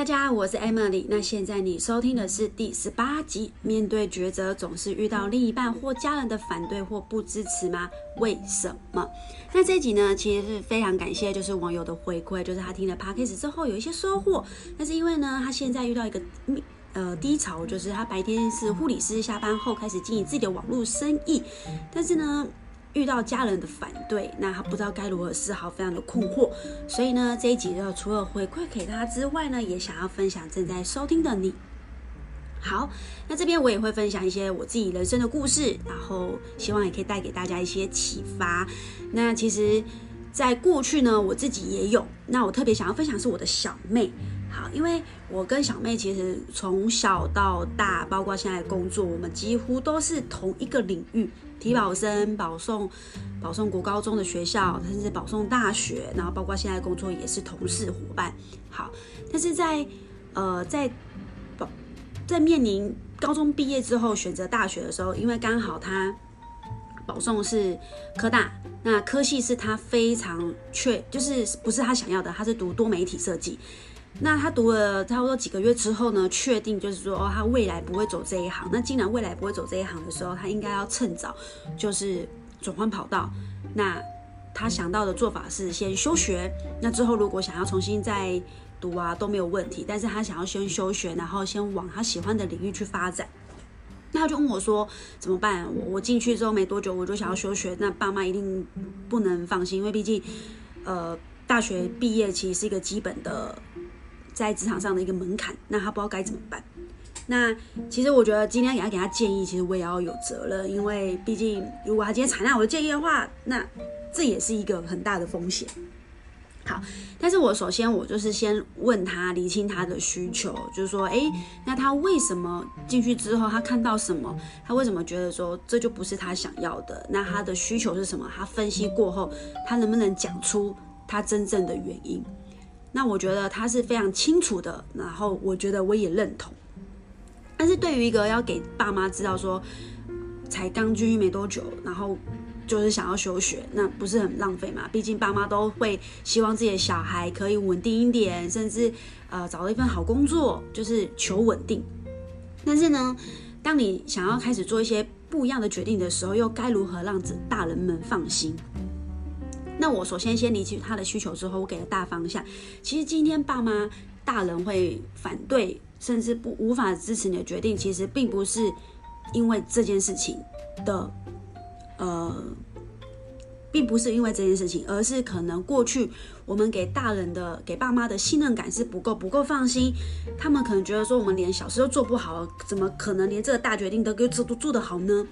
大家好，我是 Emily。那現在你收聽的是第十八集。面對抉擇，總是遇到另一半或家人的反對或不支持嗎？為什麼？那這集呢，其實是非常感謝就是網友的回饋，就是他聽了 Podcast 之後有一些收穫。那是因為呢，他現在遇到一個呃低潮，就是他白天是護理師，下班後開始經營自己的網絡生意，但是呢。遇到家人的反對，那他不知道該如何是好，非常的困惑。所以呢，這一集就除了回饋給他之外呢，也想要分享正在收聽的你。好，那這邊我也會分享一些我自己人生的故事，然後希望也可以帶給大家一些啟發。那其實，在過去呢，我自己也有。那我特別想要分享是我的小妹。好，因為我跟小妹其實從小到大，包括現在的工作，我們幾乎都是同一個領域。體保生保送，保送國高中的學校，甚至保送大學，然後包括現在工作也是同事夥伴。好，但是在呃，在保在面臨高中畢業之後選擇大學的時候，因為剛好他保送是科大，那科系是他非常確，就是不是他想要的，他是讀多媒體設計。那他讀了差不多幾個月之後呢，確定就是說，哦，他未來不會走這一行。那既然未來不會走這一行的時候，他應該要趁早，就是轉換跑道。那他想到的做法是先休學。那之後如果想要重新再讀啊，都沒有問題。但是他想要先休學，然後先往他喜歡的領域去發展。那他就問我說，怎麼辦？我我進去之後沒多久，我就想要休學。那爸媽一定不能放心，因為畢竟，呃，大學畢業其實是一個基本的。在職場上的一個門檻，那他不知道該怎麼辦。那其實我覺得今天要給他給他建議，其實我也要有責任，因為畢竟如果他今天採納我的建議的話，那這也是一個很大的風險。好，但是我首先我就是先問他，理清他的需求，就是說，誒、欸，那他為什麼進去之後他看到什麼？他為什麼覺得說這就不是他想要的？那他的需求是什麼？他分析過後，他能不能講出他真正的原因？那我覺得他是非常清楚的，然後我覺得我也認同。但是對於一個要給爸媽知道說，才剛軍訓沒多久，然後就是想要休學，那不是很浪費嘛？畢竟爸媽都會希望自己的小孩可以穩定一點，甚至呃找到一份好工作，就是求穩定。但是呢，當你想要開始做一些不一樣的決定的時候，又該如何讓大人們放心？那我首先先理解他的需求之後，我給了大方向。其實今天爸媽大人會反對，甚至不無法支持你的決定，其實並不是因為這件事情的，呃，並不是因為這件事情，而是可能過去我們給大人的給爸媽的信任感是不夠，不夠放心。他們可能覺得說我們連小事都做不好，怎麼可能連這個大決定都都做，做得好呢？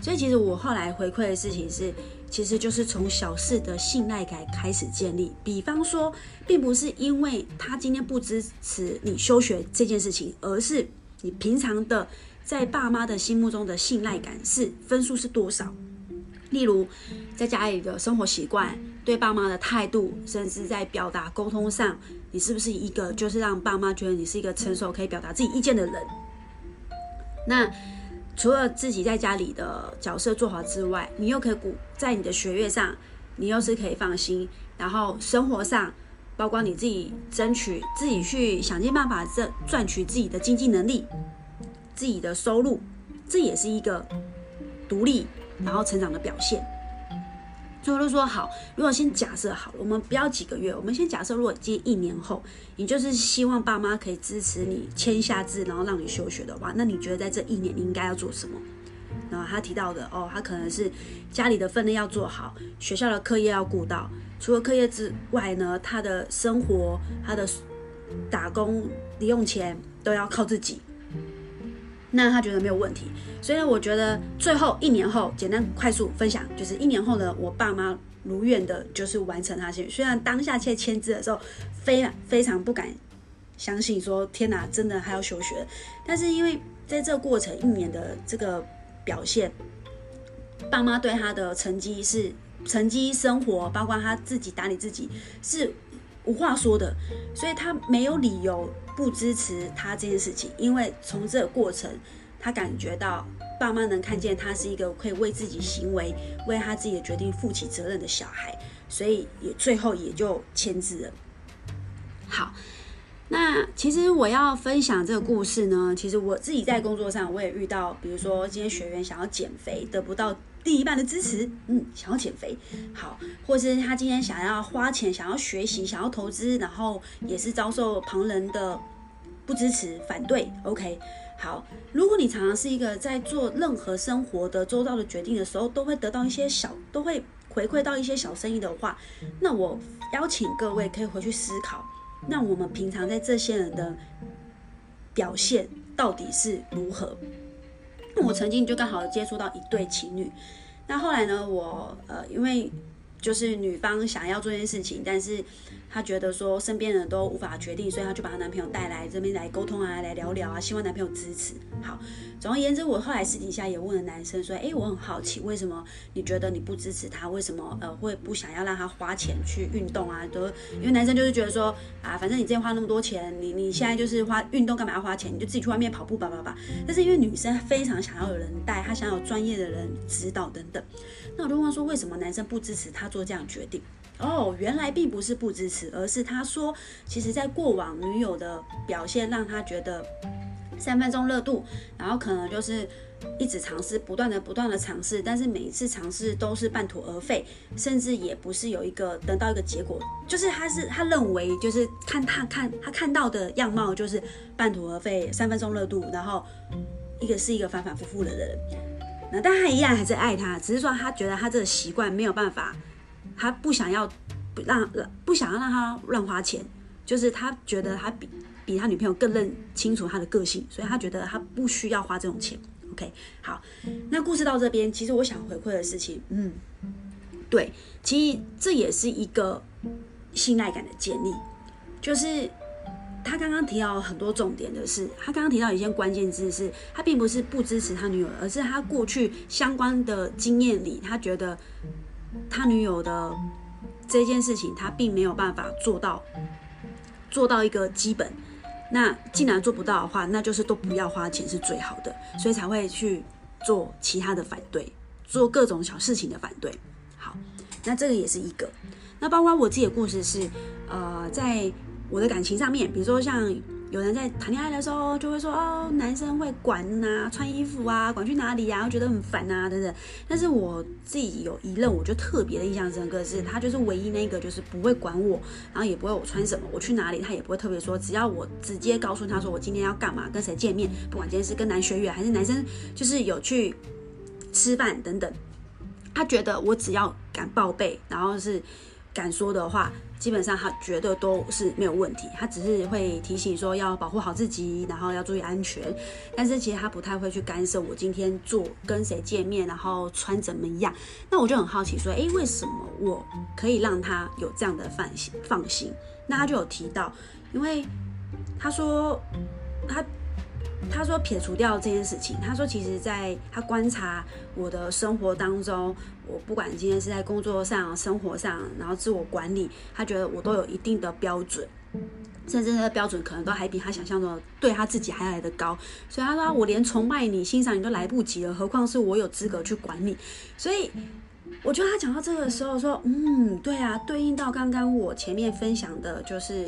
所以其實我後來回饋的事情是。其實就是從小事的信賴感開始建立。比方說，並不是因為他今天不支持你休學這件事情，而是你平常的在爸媽的心目中的信賴感是分數是多少。例如，在家裡的生活習慣、對爸媽的態度，甚至在表達溝通上，你是不是一個就是讓爸媽覺得你是一個成熟可以表達自己意見的人？那除了自己在家裡的角色做好之外，你又可以鼓在你的學業上，你又是可以放心；然後生活上，包括你自己爭取，自己去想盡辦法賺賺取自己的經濟能力、自己的收入，這也是一個獨立，然後成長的表現。他就說好，如果先假設好了，我們不要幾個月，我們先假設，如果接一年後，你就是希望爸媽可以支持你簽下字，然後讓你休學的話，那你覺得在這一年你應該要做什麼？然後他提到的，哦，他可能是家裡的分內要做好，學校的課業要顧到，除了課業之外呢，他的生活、他的打工、零用錢都要靠自己。那他覺得沒有問題，所以呢，我覺得最後一年後，簡單快速分享就是一年後呢，我爸媽如願的就是完成他學。雖然當下在簽字的時候，非非常不敢相信說，說天哪、啊，真的還要休學。但是因為在這個過程一年的這個表現，爸媽對他的成績是成績、生活，包括他自己打理自己是無話說的，所以他沒有理由不支持他這件事情，因為從這個過程，他感覺到爸媽能看見他是一個可以為自己行為、為他自己的決定負起責任的小孩，所以也最後也就簽字了。好，那其實我要分享這個故事呢，其實我自己在工作上我也遇到，比如說今天學員想要減肥得不到，另一半的支持，嗯，想要減肥，好，或是他今天想要花錢、想要學習、想要投資，然後也是遭受旁人的不支持、反對。OK，好，如果你常常是一個在做任何生活的周遭的決定的時候，都會得到一些小，都會回饋到一些小生意的話，那我邀請各位可以回去思考，那我們平常在這些人的表現到底是如何？我曾經就剛好接觸到一對情侶，那後來呢，我呃，因為就是女方想要做這件事情，但是，她覺得說身邊人都無法決定，所以她就把她男朋友帶來這邊來溝通啊，來聊聊啊，希望男朋友支持。好，總而言之，我後來私底下也問了男生說，哎，我很好奇，為什麼你覺得你不支持他？為什麼呃會不想要讓他花錢去運動啊？都、就是、因為男生就是覺得說啊，反正你之前花那麼多錢，你你現在就是花運動幹嘛要花錢？你就自己去外面跑步吧吧吧。但是因為女生非常想要有人帶，她想要有專業的人指導等等。那我就問說為什麼男生不支持她做這樣決定？哦、oh，原來並不是不支持，而是他說，其實，在過往女友的表現讓他覺得三分鐘熱度，然後可能就是一直嘗試，不斷的不斷的嘗試，但是每一次嘗試都是半途而廢，甚至也不是有一個得到一個結果，就是他是他認為就是看他看他看到的樣貌就是半途而廢、三分鐘熱度，然後一個是一個反反复复的人，那但他依然還是愛他，只是說他覺得他這個習慣沒有辦法。他不想要不讓不想要讓他亂花錢，就是他覺得他比比他女朋友更認清楚他的個性，所以他覺得他不需要花這種錢。OK，好，那故事到這邊，其實我想回饋的事情，嗯，對，其實這也是一個信賴感的建立，就是他剛剛提到很多重點的是，他剛剛提到一些關鍵字是，他並不是不支持他女友，而是他過去相關的經驗裡，他覺得。他女友的這件事情，他並沒有辦法做到，做到一個基本。那既然做不到的話，那就是都不要花錢是最好的，所以才會去做其他的反對，做各種小事情的反對。好，那這個也是一個。那包括我自己的故事是，呃，在我的感情上面，比如說像有人在談戀愛的時候，就會說哦，男生會管吶、啊，穿衣服啊，管去哪裡呀、啊，我覺得很煩吶、啊，等等。但是我自己有一任我就特別的印象深刻是，是他就是唯一那個就是不會管我，然後也不會我穿什麼，我去哪裡，他也不會特別說。只要我直接告訴他說我今天要幹嘛，跟誰見面，不管今天是跟男學員還是男生，就是有去吃飯等等，他覺得我只要敢報備，然後是敢說的話。基本上他覺得都是沒有問題，他只是會提醒說要保護好自己，然後要注意安全。但是其實他不太會去干涉我今天做跟誰見面，然後穿怎麼樣。那我就很好奇說，哎、欸，為什麼我可以讓他有這樣的放心放心？那他就有提到，因為他說他。他說撇除掉這件事情，他說其實在他觀察我的生活當中，我不管今天是在工作上、生活上，然後自我管理，他覺得我都有一定的標準，甚至那個標準可能都還比他想象中對他自己還來得高。所以他說我連崇拜你、欣賞你都來不及了，何況是我有資格去管理。所以我覺得他講到這個時候說，嗯，對啊，對應到剛剛我前面分享的就是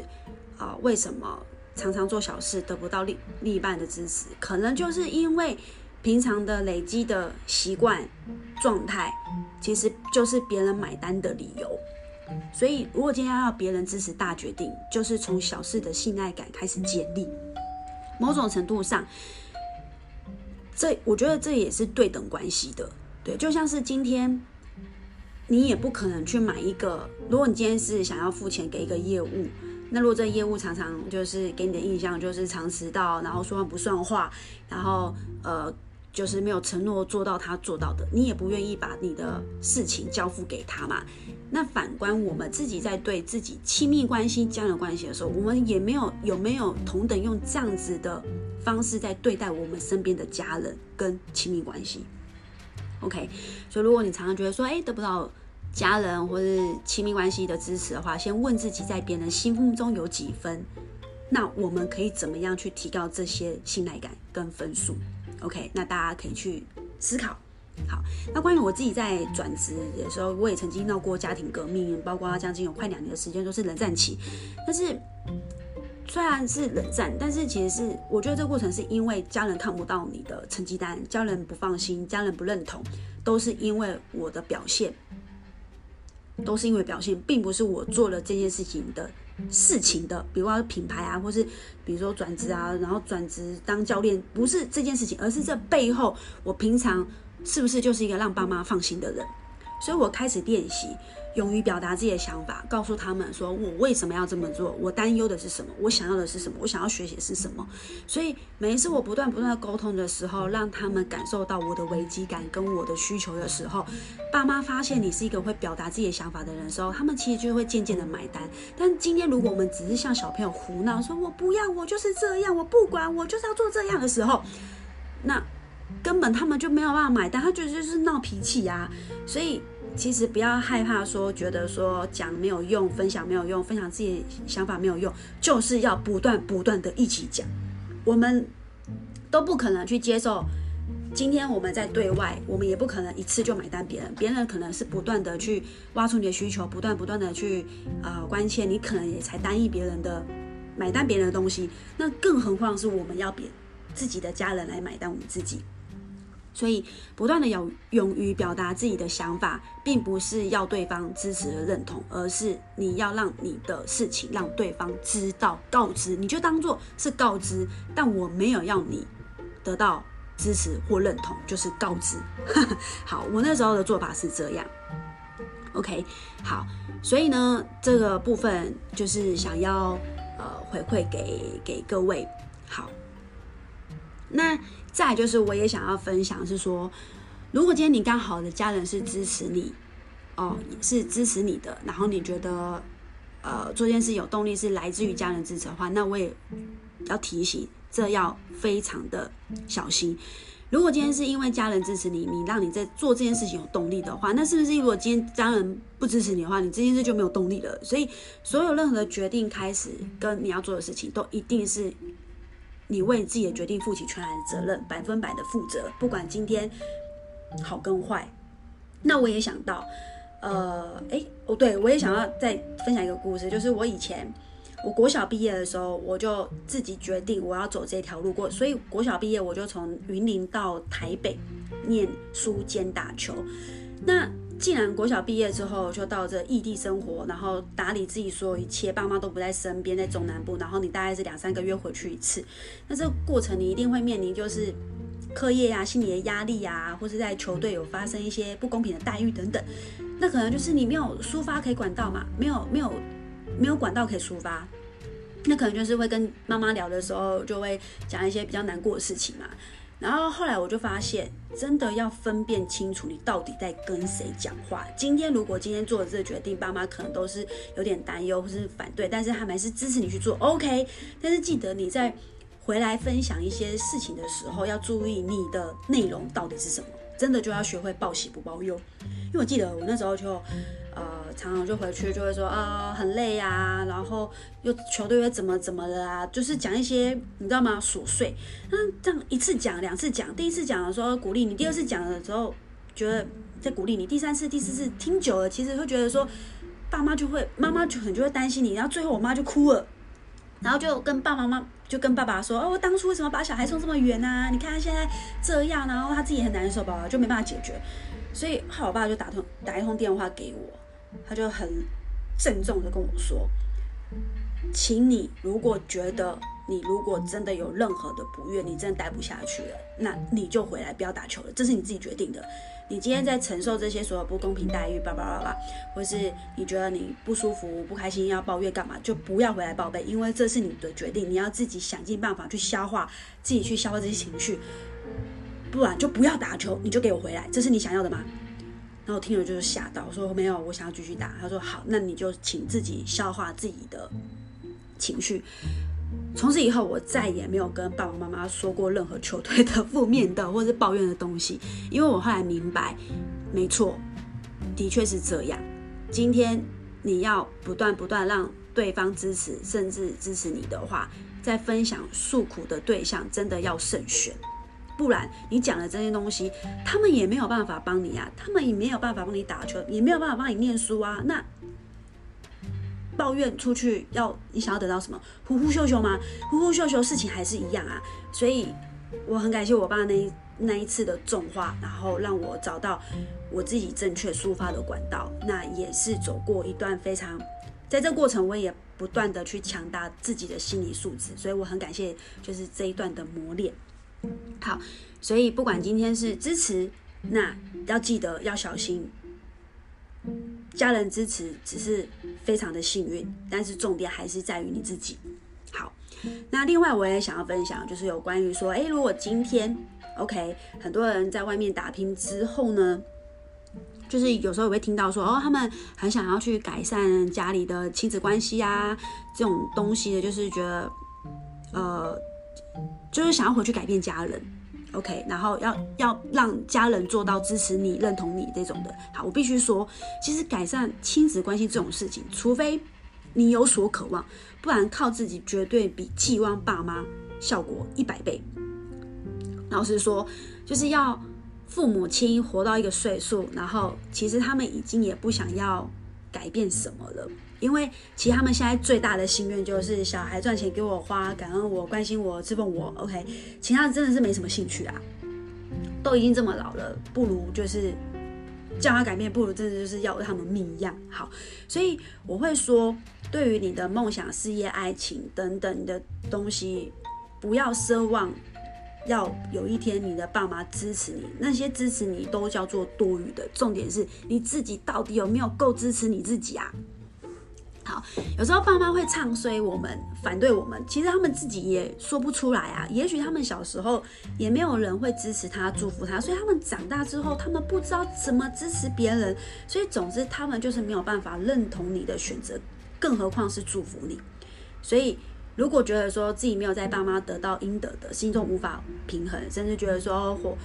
啊、呃，為什麼？常常做小事得不到另另一半的支持，可能就是因為平常的累積的習慣狀態，其實就是別人買單的理由。所以，如果今天要別人支持大決定，就是從小事的信賴感開始建立。某種程度上，這我覺得這也是對等關係的。對，就像是今天你也不可能去買一個，如果你今天是想要付錢給一個業務。那如果這業務常常就是給你的印象就是常遲到，然後說話不算話，然後呃，就是沒有承諾做到他做到的，你也不願意把你的事情交付給他嘛。那反觀我們自己在對自己親密關係、交友關係的時候，我們也沒有有沒有同等用這樣子的方式在對待我們身邊的家人跟親密關係？OK，所以如果你常常覺得說，哎，得不到。家人或者親密關係的支持的話，先問自己在別人心目中有幾分，那我們可以怎麼樣去提高這些信賴感跟分數？OK，那大家可以去思考。好，那關於我自己在轉職的時候，我也曾經鬧過家庭革命，包括將近有快兩年的時間都是冷戰期。但是雖然是冷戰，但是其實是我覺得這個過程是因為家人看不到你的成績單，家人不放心，家人不認同，都是因為我的表現。都是因為表現，並不是我做了這件事情的事情的，比如說品牌啊，或是比如說轉職啊，然後轉職當教練，不是這件事情，而是這背後我平常是不是就是一個讓爸媽放心的人，所以我開始練習。勇於表達自己的想法，告訴他們說我為什麼要這麼做，我擔憂的是什麼，我想要的是什麼，我想要學習的是什麼。所以每一次我不斷不斷的溝通的時候，讓他們感受到我的危機感跟我的需求的時候，爸媽發現你是一個會表達自己的想法的人的時候，他們其實就會漸漸的買單。但今天如果我們只是向小朋友胡鬧，說我不要，我就是這樣，我不管，我就是要做這樣的時候，那根本他們就沒有辦法買單，他覺得就是鬧脾氣呀、啊。所以。其實不要害怕說，覺得說講沒有用，分享沒有用，分享自己想法沒有用，就是要不斷不斷的一起講。我們都不可能去接受，今天我們在對外，我們也不可能一次就買單別人，別人可能是不斷的去挖出你的需求，不斷不斷的去啊、呃、關切，你可能也才單一別人的買單別人的東西，那更何況是我們要別自己的家人來買單我們自己。所以，不斷的勇勇於表達自己的想法，並不是要對方支持和認同，而是你要讓你的事情讓對方知道，告知，你就當做是告知。但我沒有要你得到支持或認同，就是告知。 好，我那時候的做法是這樣。OK，好，所以呢，這個部分就是想要呃回饋給給各位。好。那再就是，我也想要分享是說，如果今天你剛好的家人是支持你，哦，是支持你的，然後你覺得，呃，做這件事有動力是來自於家人支持的話，那我也要提醒，這要非常的小心。如果今天是因為家人支持你，你讓你在做這件事情有動力的話，那是不是如果今天家人不支持你的話，你這件事就沒有動力了？所以，所有任何的決定開始跟你要做的事情，都一定是。你為你自己的決定負起全然的責任，百分百的負責，不管今天好跟壞。那我也想到，呃，哎、欸，哦，對，我也想要再分享一個故事，就是我以前，我國小畢業的時候，我就自己決定我要走這條路過，所以國小畢業我就從雲林到台北念書兼打球。那既然國小畢業之後就到這異地生活，然後打理自己所有一切，爸媽都不在身邊，在中南部，然後你大概是兩三個月回去一次，那這個過程你一定會面臨就是課業啊、心理的壓力啊，或是在球隊有發生一些不公平的待遇等等，那可能就是你沒有抒發可以管道嘛，沒有沒有沒有管道可以抒發，那可能就是會跟媽媽聊的時候就會講一些比較難過的事情嘛。然後後來我就發現，真的要分辨清楚你到底在跟誰講話。今天如果今天做的這個決定，爸媽可能都是有點擔憂或是反對，但是他們還是支持你去做。OK，但是記得你在回來分享一些事情的時候，要注意你的內容到底是什麼。真的就要學會報喜不報憂，因為我記得我那時候就。常常就回去就會說啊、哦，很累啊，然後又球隊又怎麼怎麼的啊，就是講一些你知道嗎？瑣碎。嗯，這樣一次講兩次講，第一次講的時候鼓勵你，第二次講的時候覺得在鼓勵你，第三次、第四次聽久了，其實會覺得說爸媽就會媽媽就很就會擔心你，然後最後我媽就哭了，然後就跟爸爸媽媽就跟爸爸說哦，我當初為什麼把小孩送這麼遠啊？你看他現在這樣，然後他自己也很難受，吧，就沒辦法解決，所以後來我爸就打通打一通電話給我。他就很鄭重的跟我說：“請你如果覺得你如果真的有任何的不悅，你真的待不下去了，那你就回來，不要打球了。這是你自己決定的。你今天在承受這些所有不公平待遇，叭叭叭叭，或是你覺得你不舒服、不開心要抱怨幹嘛，就不要回來報備，因為這是你的決定。你要自己想盡辦法去消化，自己去消化這些情緒，不然就不要打球，你就給我回來。這是你想要的嗎？”然後聽了就是嚇到，我說沒有，我想要繼續打。他說好，那你就請自己消化自己的情緒。從此以後，我再也沒有跟爸爸媽媽說過任何球隊的負面的或者是抱怨的東西。因為我後來明白，沒錯，的確是這樣。今天你要不斷不斷讓對方支持，甚至支持你的話，在分享訴苦的對象真的要慎選。不然，你講的這些東西，他們也沒有辦法幫你啊，他們也沒有辦法幫你打球，也沒有辦法幫你念書啊。那抱怨出去要，要你想要得到什麼？呼呼秀秀嗎？呼呼秀秀，事情還是一樣啊。所以，我很感謝我爸那一那一次的重話，然後讓我找到我自己正確抒發的管道。那也是走過一段非常，在這過程我也不斷的去強大自己的心理素質。所以我很感謝，就是這一段的磨練。好，所以不管今天是支持，那要記得要小心。家人支持只是非常的幸運，但是重點還是在於你自己。好，那另外我也想要分享，就是有關於說，誒、欸，如果今天 OK，很多人在外面打拼之後呢，就是有時候也會聽到說，哦，他們很想要去改善家裡的親子關係啊這種東西的，就是覺得，呃。就是想要回去改變家人，OK，然後要要讓家人做到支持你、認同你這種的。好，我必須說，其實改善親子關係這種事情，除非你有所渴望，不然靠自己絕對比寄望爸媽效果一百倍。老實說，就是要父母親活到一個歲數，然後其實他們已經也不想要改變什麼了。因為其實他們現在最大的心願就是小孩賺錢給我花，感恩我，關心我、質問我。OK，其他真的是沒什麼興趣啊。都已經這麼老了，不如就是叫他改變，不如真的就是要他們命一樣好。所以我會說，對於你的夢想、事業、愛情等等的東西，不要奢望要有一天你的爸媽支持你，那些支持你都叫做多餘的。重點是你自己到底有沒有夠支持你自己啊？好，有時候爸媽會唱衰我們，反對我們。其實他們自己也說不出來啊。也許他們小時候也沒有人會支持他、祝福他，所以他們長大之後，他們不知道怎麼支持別人。所以總之，他們就是沒有辦法認同你的選擇，更何況是祝福你。所以，如果覺得說自己沒有在爸媽得到應得的，心中無法平衡，甚至覺得說火。哦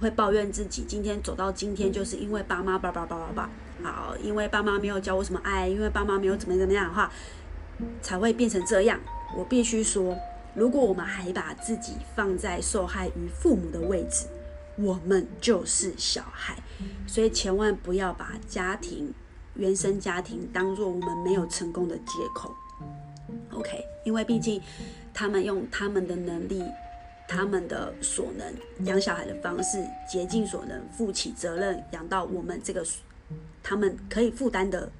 會抱怨自己今天走到今天，就是因為爸媽叭叭叭叭叭，好，因為爸媽沒有教我什麼愛，因為爸媽沒有怎麼怎麼樣的話，才會變成這樣。我必須說，如果我們還把自己放在受害於父母的位置，我們就是小孩，所以千萬不要把家庭、原生家庭當作我們沒有成功的借口。OK，因為畢竟他們用他們的能力。他們的所能養小孩的方式，竭盡所能，負起責任，養到我們這個他們可以負擔的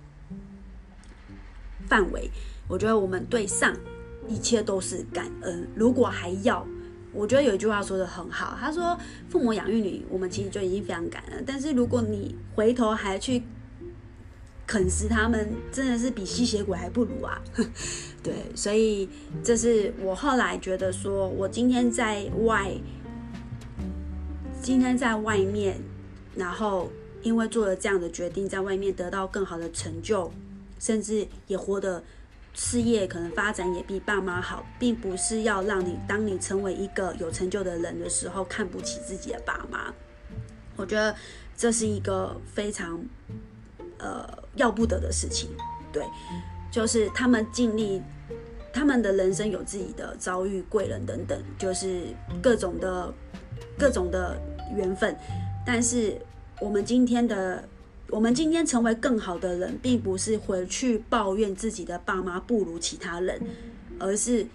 範圍。我覺得我們對上一切都是感恩。如果還要，我覺得有一句話說的很好，他說：“父母養育你，我們其實就已經非常感恩。但是如果你回頭還去……”啃食他們真的是比吸血鬼還不如啊！對，所以這是我後來覺得，說我今天在外，今天在外面，然後因為做了這樣的決定，在外面得到更好的成就，甚至也活得事業可能發展也比爸媽好，並不是要讓你當你成為一個有成就的人的時候看不起自己的爸媽。我覺得這是一個非常。呃，要不得的事情，對，就是他們經歷，他們的人生有自己的遭遇、貴人等等，就是各種的、各種的緣分。但是，我們今天的，我們今天成為更好的人，並不是回去抱怨自己的爸媽不如其他人，而是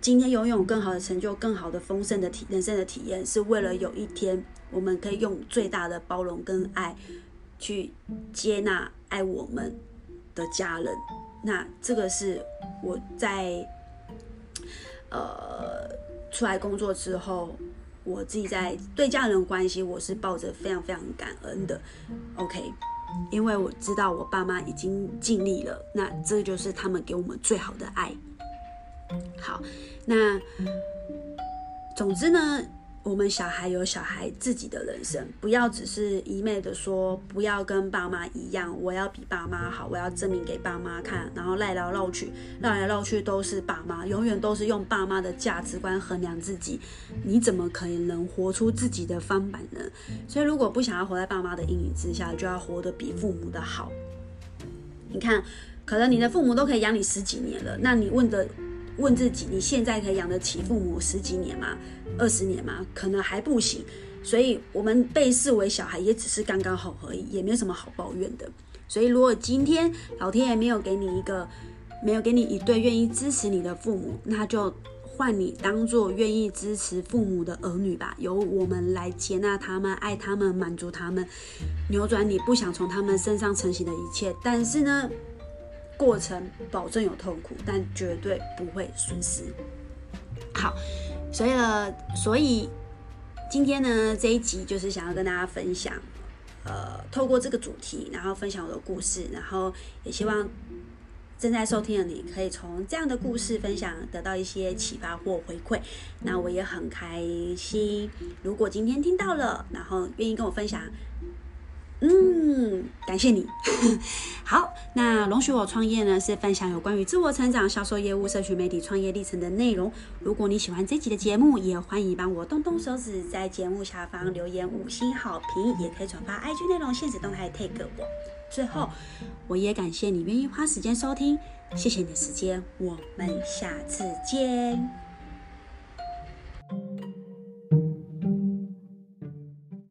今天擁有，有更好的成就、更好的豐盛的體人生的體驗，是為了有一天我們可以用最大的包容跟愛。去接納愛我們的家人，那這個是我在呃出來工作之後，我自己在對家人關係，我是抱着非常非常感恩的。OK，因為我知道我爸媽已經盡力了，那這就是他們給我們最好的愛。好，那總之呢。我們小孩有小孩自己的人生，不要只是一昧的說不要跟爸媽一樣，我要比爸媽好，我要證明給爸媽看，然後繞來繞去，繞來繞去都是爸媽，永遠都是用爸媽的價值觀衡量自己，你怎麼可以能活出自己的翻版呢？所以如果不想要活在爸媽的陰影之下，就要活得比父母的好。你看，可能你的父母都可以養你十幾年了，那你問的？問自己，你現在可以養得起父母十幾年嗎？二十年嗎？可能還不行。所以，我們被視為小孩，也只是剛剛好而已，也沒有什麼好抱怨的。所以，如果今天老天爺沒有給你一個，沒有給你一對願意支持你的父母，那就換你當做願意支持父母的兒女吧。由我們來接納他們，愛他們，滿足他們，扭轉你不想從他們身上成型的一切。但是呢？過程保證有痛苦，但絕對不會損失。好，所以呢，所以今天呢，這一集就是想要跟大家分享，呃，透過這個主題，然後分享我的故事，然後也希望正在收聽的你可以從這樣的故事分享得到一些啟發或回饋。那我也很開心，如果今天聽到了，然後願意跟我分享。嗯，感謝你。 好，那容許我創業呢，是分享有關於自我成長、銷售業務、社群媒體創業歷程的內容。如果你喜歡這集的節目，也歡迎幫我動動手指，在節目下方留言五星好評，也可以轉發 IG 內容、限時動態 tag 我。最後，我也感謝你願意花時間收聽，謝謝你的時間，我們下次見。